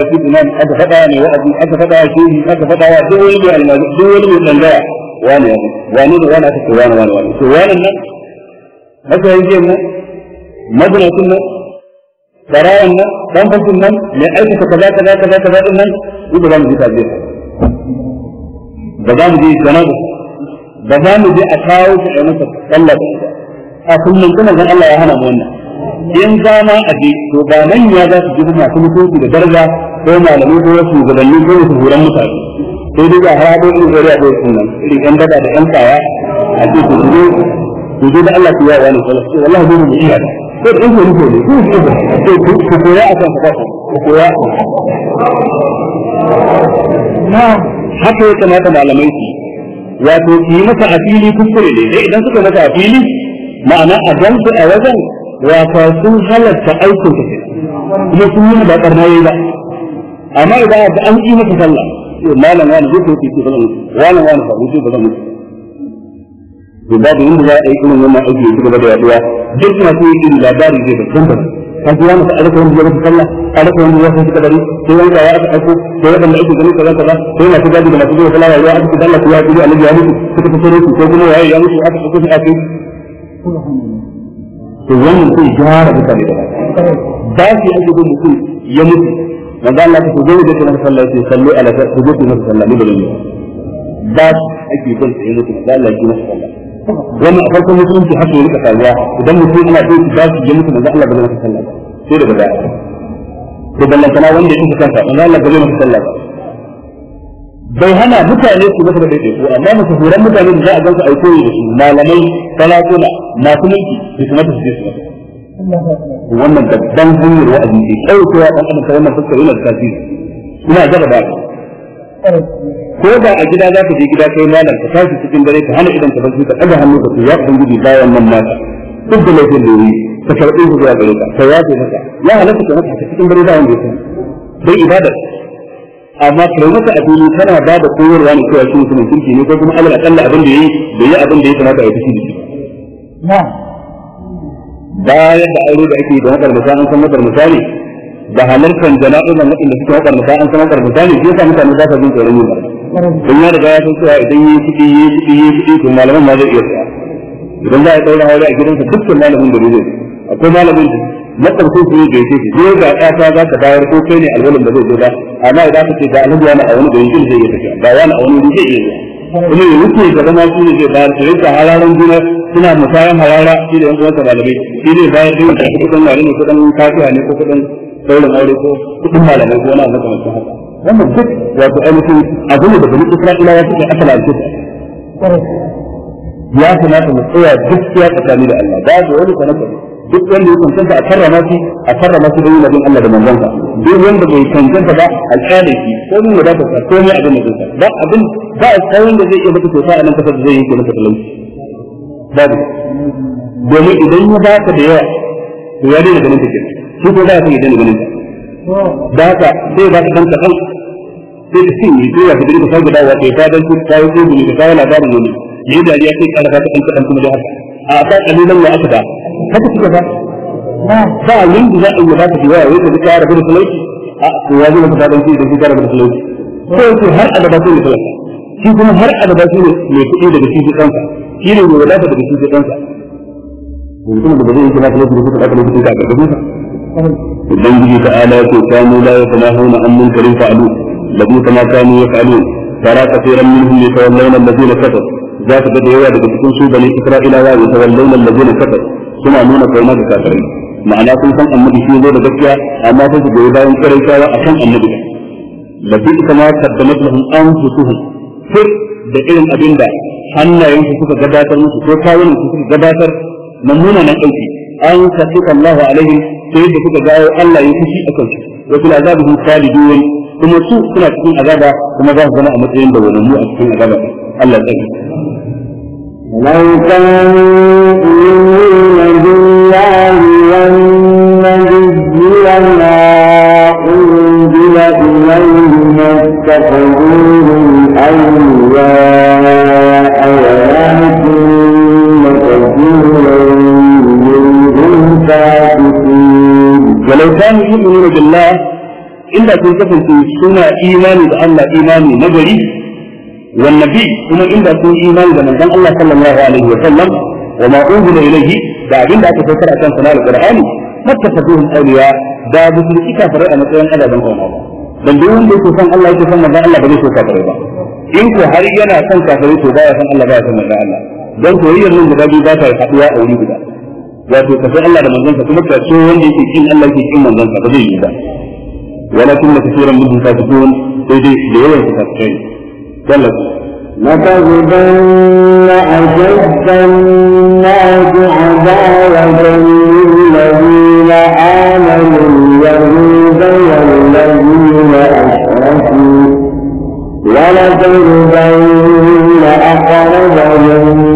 يقول الإمام أجهد أني وأبي أجهد أشيه أجهد أشيه دولي من المدى دولي من المدى وأنا وأنا وأنا وأنا وأنا وأنا وأنا وأنا وأنا هذا هو الجيم مدنة كنا ترانا كم فكنا لأيك كذا كذا كذا كذا كنا إذا كان جيتا جيتا بدان جي جنابه بدان جي أتاوك أنك تلت أكل من كنا كان الله يهانا مؤنن in ma a je to ba nan ya za su ji masu mutunci da daraja ko malamai ko wasu gabanni ko wasu horon mutane sai dai ga harabo in zuriya ko sun nan irin yan daga da yan kaya a ce su zo su zo da Allah su yawa ne wallahi zai mu iya da ko in ko ko ne ko ko ko ya a kan ka ko ya na haka ya kamata malamai su wato yi masa a fili kuskure ne idan suka masa a fili ma'ana a gansu a wajen wata sun halatta aikin ka kuma sun yi ba karna yayi ba amma idan an yi maka sallah malam wani zai kai ki sallah wani wani ba mutu ba mutu to babu inda za a yi irin wannan aiki ya cigaba da yaduwa duk yi zai bakin ba ka ji wani a zai maka sallah a rasa wanda zai maka sai wani ya aka aiko sai ake kaza da sallah ya aka ya annabi ya mutu suka ko to wannan sai gyara mutane da ba shi ake bin mutum ya mutu wanda Allah ta zo da kana sallah sai sallu ala ta zo da kana sallah ne da ne ba shi ake bin sai mutu da Allah ya masa sallah wannan a farkon mutunci haka yake kaza idan mutum yana so ba shi ya mutu da Allah ba zai masa sallah sai daga baya to ballan kana wanda yake kansa Allah ba zai masa sallah bai hana mutane su masa da daidai ko amma musu horan mutane da za a gansu a koyi da su malamai salatuna masu mulki su kuma su je su masa wannan babban hanyar wa'azi ce kaucewa dan adam wannan fuskar yana da tasiri ina gaba da ko da a gida za ka je gida kai malam ka tashi cikin dare ka hana idan ka barci ka ɗaga hannu ka ce ya ubangiji bayan nan naka duk da laifin da yi ka karɓe su zuwa gare ka ka yafe maka ya halatta ka maka cikin dare da wanda ya san dai ibadar amma kai masa a fili kana ba da koyarwa ne cewa shi mutum kirki ne ko kuma alal akalla abin da yayi bai yi abin da ya kamata a yi fushi da shi bayan da aure da ake da hadar misali an san hadar misali da halartar da mutum da suke hadar misali an san hadar misali shi yasa mutane za su jin tsoron yin don ya riga ya san cewa idan yi kuɗi yi kuɗi yi kuɗi to malaman ma zai iya tsaya idan za a yi ɗaura aure a gidansa dukkan malamin da zai akwai malamin da makwabcin su yi gaishe shi zai ga ƙasa za ka bayar ko kai ne alwalin da zai zo ba amma idan aka ce ga alhaji wani a wani gari zai iya tafiya ba wani a wani zai iya kuma ya wuce ga zama shi ne zai bayar sai ka hararan juna suna musayan harara shi da yan uwansa malamai shi ne bayar da yanzu kuɗin wani ne kuɗin kafiya ne ko kuɗin sauran aure ko kuɗin malamai ko wani abu makamancin haka wannan duk wato ainihin abin da bani isra'ila ya suke asala a ya kamata mu tsaya gaskiya tsakani da Allah da wani sanata duk wanda ya cancanta a karrama shi a karrama shi da yin abin Allah da manzansa duk wanda bai cancanta ba a kyale shi ko mun wadata ka ko mai abin da zai ba abin ba a tsawon da zai iya maka kyauta a nan kasar da zai yanke maka talauci babu domin idan ya ba ka da yawa to ya daina ganin take shi ko za ka yi daina ganin ta da haka sai ba ka san ka san sai ka ci ne ya ka dinga sai guda wa kai ta dan ku ta yi ko ne ka labarin ne yayin da ya ce ka ka san ka kuma da haka a ta kalilan wa aka da haka suka ba ba yanda za a yi ba ta biya wai ka duka rabu da talauci a to ya zo maka dadan da shi rabu da talauci ko yake har abada sai talauci shi kuma har abada sai mai kuɗi daga shi kansa shi ne mai wadata daga shi kansa mutum da ba zai yi kira talauci da shi da talauci da karkashin ubangiji ta ala ko kanu la yatanahuna an munkarin fa'alu labu kama kanu yaf'alun tara kafiran minhum yatawallawna alladhina kafaru za ka da yawa daga cikin su bani isra'ilawa yatawallawna alladhina kafaru suna nuna kauna ga kafirai ma'ana sun san annabi shi zo da gaskiya amma sun su goyi bayan karai shawa akan annabi da bi kama kaddamat lahum anfusuhum sir da irin abin da hannayen su suka gabatar musu ko kawunan su suka gabatar na munanan aiki an kasika Allah alaihi sai da suka gawo Allah ya fushi akan su wa kula azabuhu khalidun kuma su suna cikin azaba kuma za su zama a matsayin da wani mu a cikin azaba Allah ya tsare. Lau kanu yu'minu billah inda sun kasance suna imani da Allah imani na gari wan nabi kuma inda sun imani da manzon Allah sallallahu alaihi wa sallam wa ma unzila ilayhi da abin da aka saukar akan sana alqur'ani mattafaduhum awliya da bu su ika fara a matsayin adaban kauna ba dan duk wanda yake son Allah yake son manzon Allah ba zai so kafare ba in ko har yana son kafare to baya son Allah baya son manzon Allah dan soyayyar nan da biyu ba ta haduwa a wuri guda wato ka san Allah da manzansa kuma ka so wanda yake kin Allah yake kin manzansa ba zai yi ba walakin da kafiran mutum ka fito sai dai da yawan ka kai sallah لتجدن أشد الناس عداوة للذين آمنوا اليهود والذين أشركوا ولتجدن أقربهم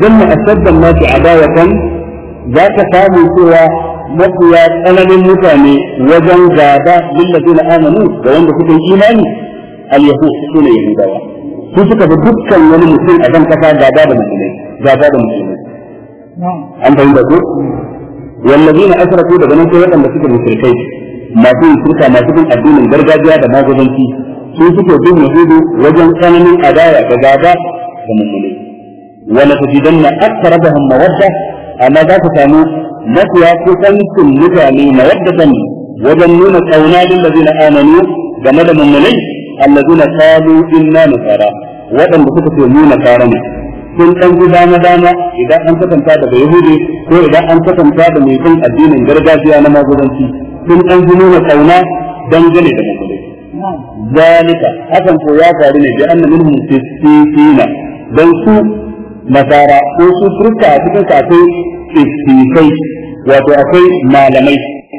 tajidanna ashaddan ma fi adawatan za ka samu cewa mafiya tsananin mutane wajen gaba lillazina amanu da wanda kuka yi imani al-yahud sune yahudawa su suka bi dukkan wani mutum a kan kasa gaba da musulmai gaba da musulmai an fahimta ko wallazina asrafu daga nan sai waɗanda suka musulkai masu yin shirka masu bin addinin gargajiya da magudanci su suke bin yahudu wajen tsananin adaya da gaba da musulmai wala tajidanna aktharahum mawadda amma za ka samu mafiya kusancin mutane mawaddatan wajen nuna kauna lil ladina amanu game da mummunai alladina qalu inna nasara waɗanda suka ce mu nasara ne sun dan ji dama dama idan an kasanta da yahudi ko idan an kasanta da mai bin addinin gargajiya na magudanci sun dan ji nuna kauna dangane da mummunai ko ya faru ne nasara ko su furta cikin kafin istifai wato akwai malamai